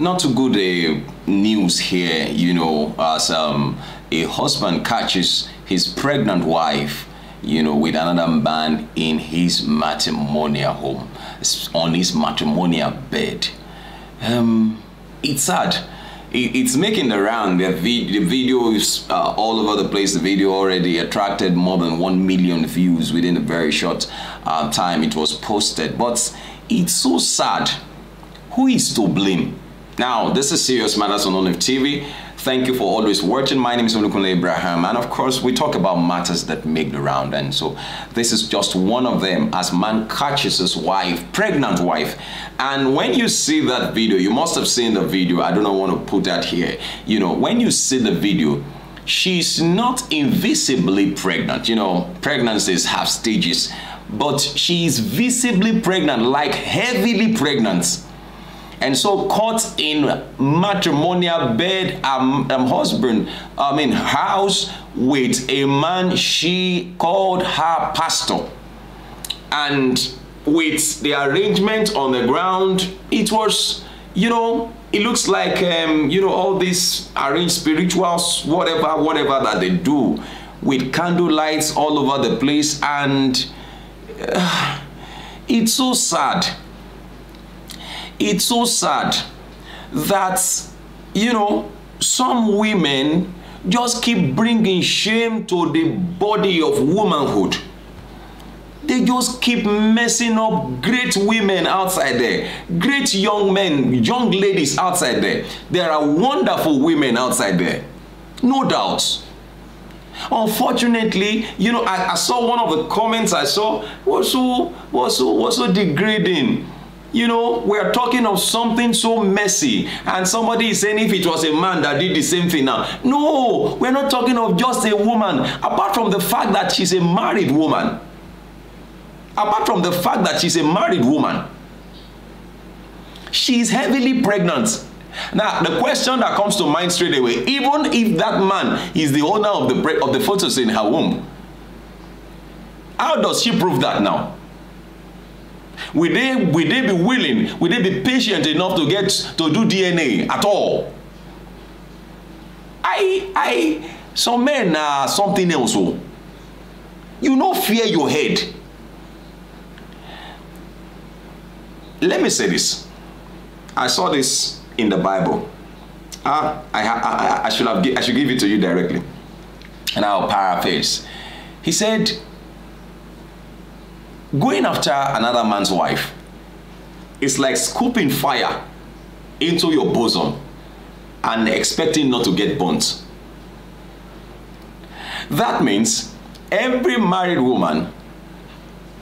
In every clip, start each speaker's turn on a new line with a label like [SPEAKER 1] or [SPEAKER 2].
[SPEAKER 1] not too good uh, news here, you know, as um, a husband catches his pregnant wife you know, with another man in his matrimonial home, on his matrimonial bed. Um, it's sad. it's making the round. The, the video is uh, all over the place. The video already attracted more than 1 million views within a very short uh, time it was posted. But it's so sad. Who is to blame? Now, this is Serious Matters on Olive TV. Thank you for always watching. My name is Olukunle Abraham, and of course, we talk about matters that make the round. And so, this is just one of them as man catches his wife, pregnant wife. And when you see that video, you must have seen the video. I do not want to put that here. You know, when you see the video, she's not invisibly pregnant. You know, pregnancies have stages, but she is visibly pregnant, like heavily pregnant and so caught in matrimonial bed um, um husband i mean house with a man she called her pastor and with the arrangement on the ground it was you know it looks like um, you know all these arranged spirituals whatever whatever that they do with candle lights all over the place and uh, it's so sad it's so sad that you know some women just keep bringing shame to the body of womanhood they just keep messing up great women outside there great young men young ladies outside there there are wonderful women outside there no doubt unfortunately you know i, I saw one of the comments i saw was so was so was so degrading You know, we are talking of something so messy, and somebody is saying if it was a man that did the same thing now. No, we're not talking of just a woman, apart from the fact that she's a married woman. Apart from the fact that she's a married woman, she is heavily pregnant. Now, the question that comes to mind straight away even if that man is the owner of the, of the photos in her womb, how does she prove that now? Will they, will they be willing? Will they be patient enough to get to do DNA at all? I, I, some men are something else. Oh. You no fear your head. Let me say this. I saw this in the Bible. Uh, I, I, I, I, should have, I should give it to you directly. And I'll paraphrase. He said, Going after another man's wife is like scooping fire into your bosom and expecting not to get burnt. That means every married woman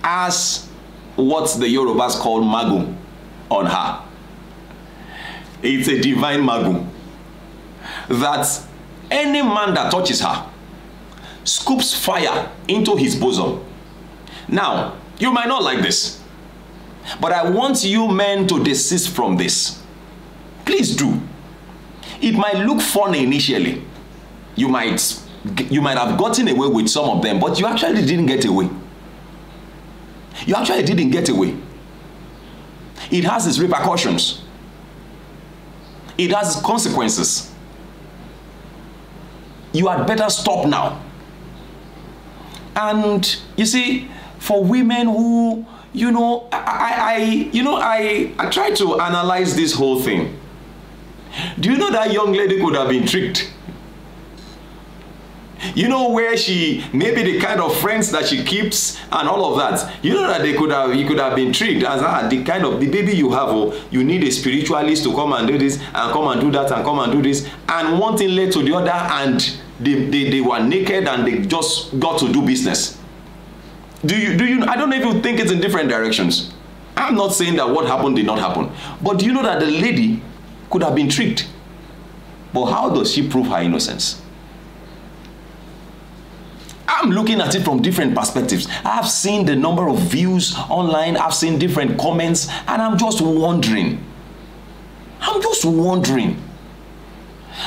[SPEAKER 1] has what the Yorubas call magum on her. It's a divine magum that any man that touches her scoops fire into his bosom. Now, you might not like this. But I want you men to desist from this. Please do. It might look funny initially. You might, you might have gotten away with some of them, but you actually didn't get away. You actually didn't get away. It has its repercussions. It has consequences. You had better stop now. And you see, for women who, you know, I, I you know, I, I try to analyze this whole thing. Do you know that young lady could have been tricked? You know where she, maybe the kind of friends that she keeps and all of that. You know that they could have, you could have been tricked as ah, the kind of the baby you have. Oh, you need a spiritualist to come and do this and come and do that and come and do this. And one thing led to the other and they, they, they were naked and they just got to do business. Do you, do you, I don't know if you think it's in different directions. I'm not saying that what happened did not happen. But do you know that the lady could have been tricked? But how does she prove her innocence? I'm looking at it from different perspectives. I've seen the number of views online, I've seen different comments, and I'm just wondering. I'm just wondering.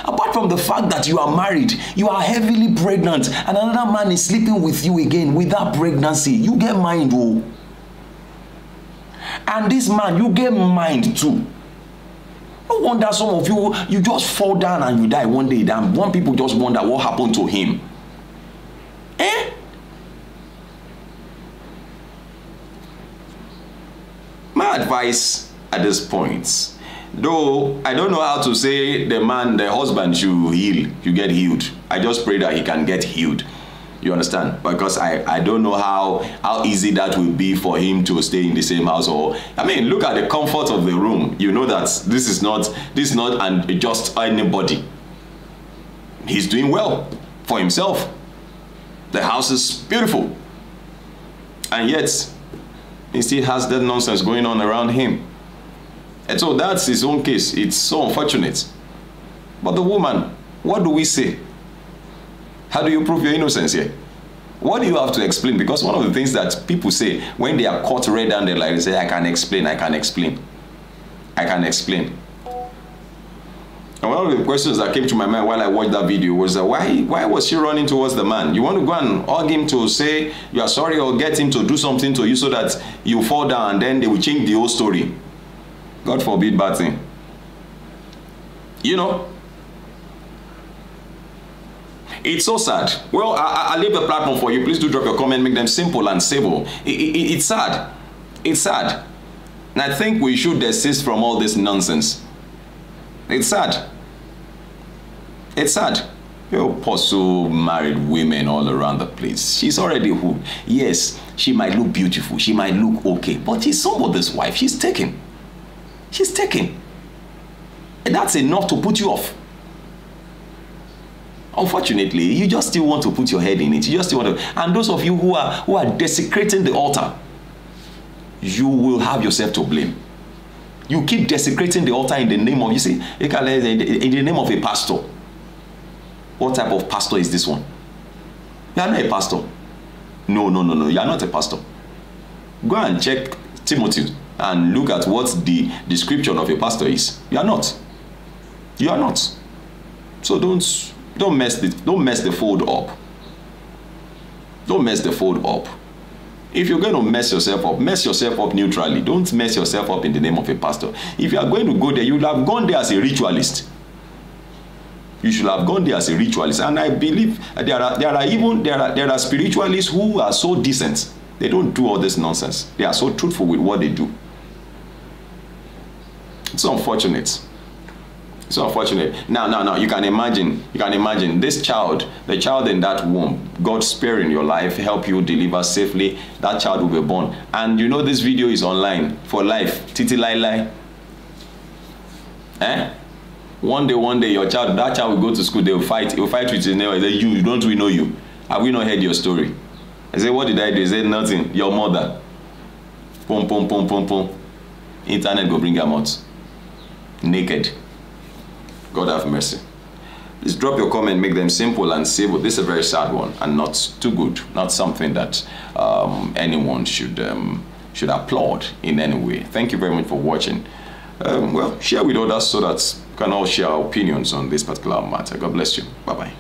[SPEAKER 1] apart from the fact that you are married you are heavily pregnant and another man is sleeping with you again without pregnancy you get mind oh. and this man you get mind too no wonder some of you you just fall down and you die one day and one people just wonder what happened to him eh my advice at this point Though I don't know how to say the man, the husband should heal, you get healed. I just pray that he can get healed. You understand? Because I, I don't know how how easy that will be for him to stay in the same house. Or I mean, look at the comfort of the room. You know that this is not this is not and just anybody. He's doing well for himself. The house is beautiful. And yet, he still has that nonsense going on around him. And so that's his own case. It's so unfortunate. But the woman, what do we say? How do you prove your innocence here? What do you have to explain? Because one of the things that people say when they are caught red-handed, like they say, I can explain, I can explain, I can explain. And one of the questions that came to my mind while I watched that video was that why, why was she running towards the man? You want to go and hug him to say you are sorry or get him to do something to you so that you fall down and then they will change the whole story. God forbid bad thing. You know? It's so sad. Well, I, I leave the platform for you. Please do drop your comment. Make them simple and stable. It, it, it's sad. It's sad. And I think we should desist from all this nonsense. It's sad. It's sad. You pursue married women all around the place. She's already who? Yes, she might look beautiful. She might look okay. But she's somebody's wife. She's taken she's taken. And that's enough to put you off. Unfortunately, you just still want to put your head in it. You just still want to. And those of you who are who are desecrating the altar, you will have yourself to blame. You keep desecrating the altar in the name of you see, in the name of a pastor. What type of pastor is this one? You are not a pastor. No, no, no, no. You are not a pastor. Go and check Timothy and look at what the description of a pastor is. You are not. You are not. So don't don't mess the don't mess the fold up. Don't mess the fold up. If you're going to mess yourself up, mess yourself up neutrally. Don't mess yourself up in the name of a pastor. If you are going to go there, you'll have gone there as a ritualist. You should have gone there as a ritualist. And I believe there are there are even there are there are spiritualists who are so decent. They don't do all this nonsense. They are so truthful with what they do. It's unfortunate. It's unfortunate. Now, now, now, you can imagine, you can imagine this child, the child in that womb, God spare in your life, help you deliver safely. That child will be born. And you know this video is online for life. Titi Lai Lai. Eh? One day, one day, your child, that child will go to school, they will fight, he will fight with his neighbor. They say, you, you don't we know you? Have we not heard your story? I say, what did I do? He said, nothing. Your mother. Pum, pum, pum, pum, pum. Internet go bring her out naked. God have mercy. Please drop your comment, make them simple and civil. This is a very sad one and not too good, not something that um, anyone should, um, should applaud in any way. Thank you very much for watching. Um, well, share with others so that we can all share our opinions on this particular matter. God bless you. Bye-bye.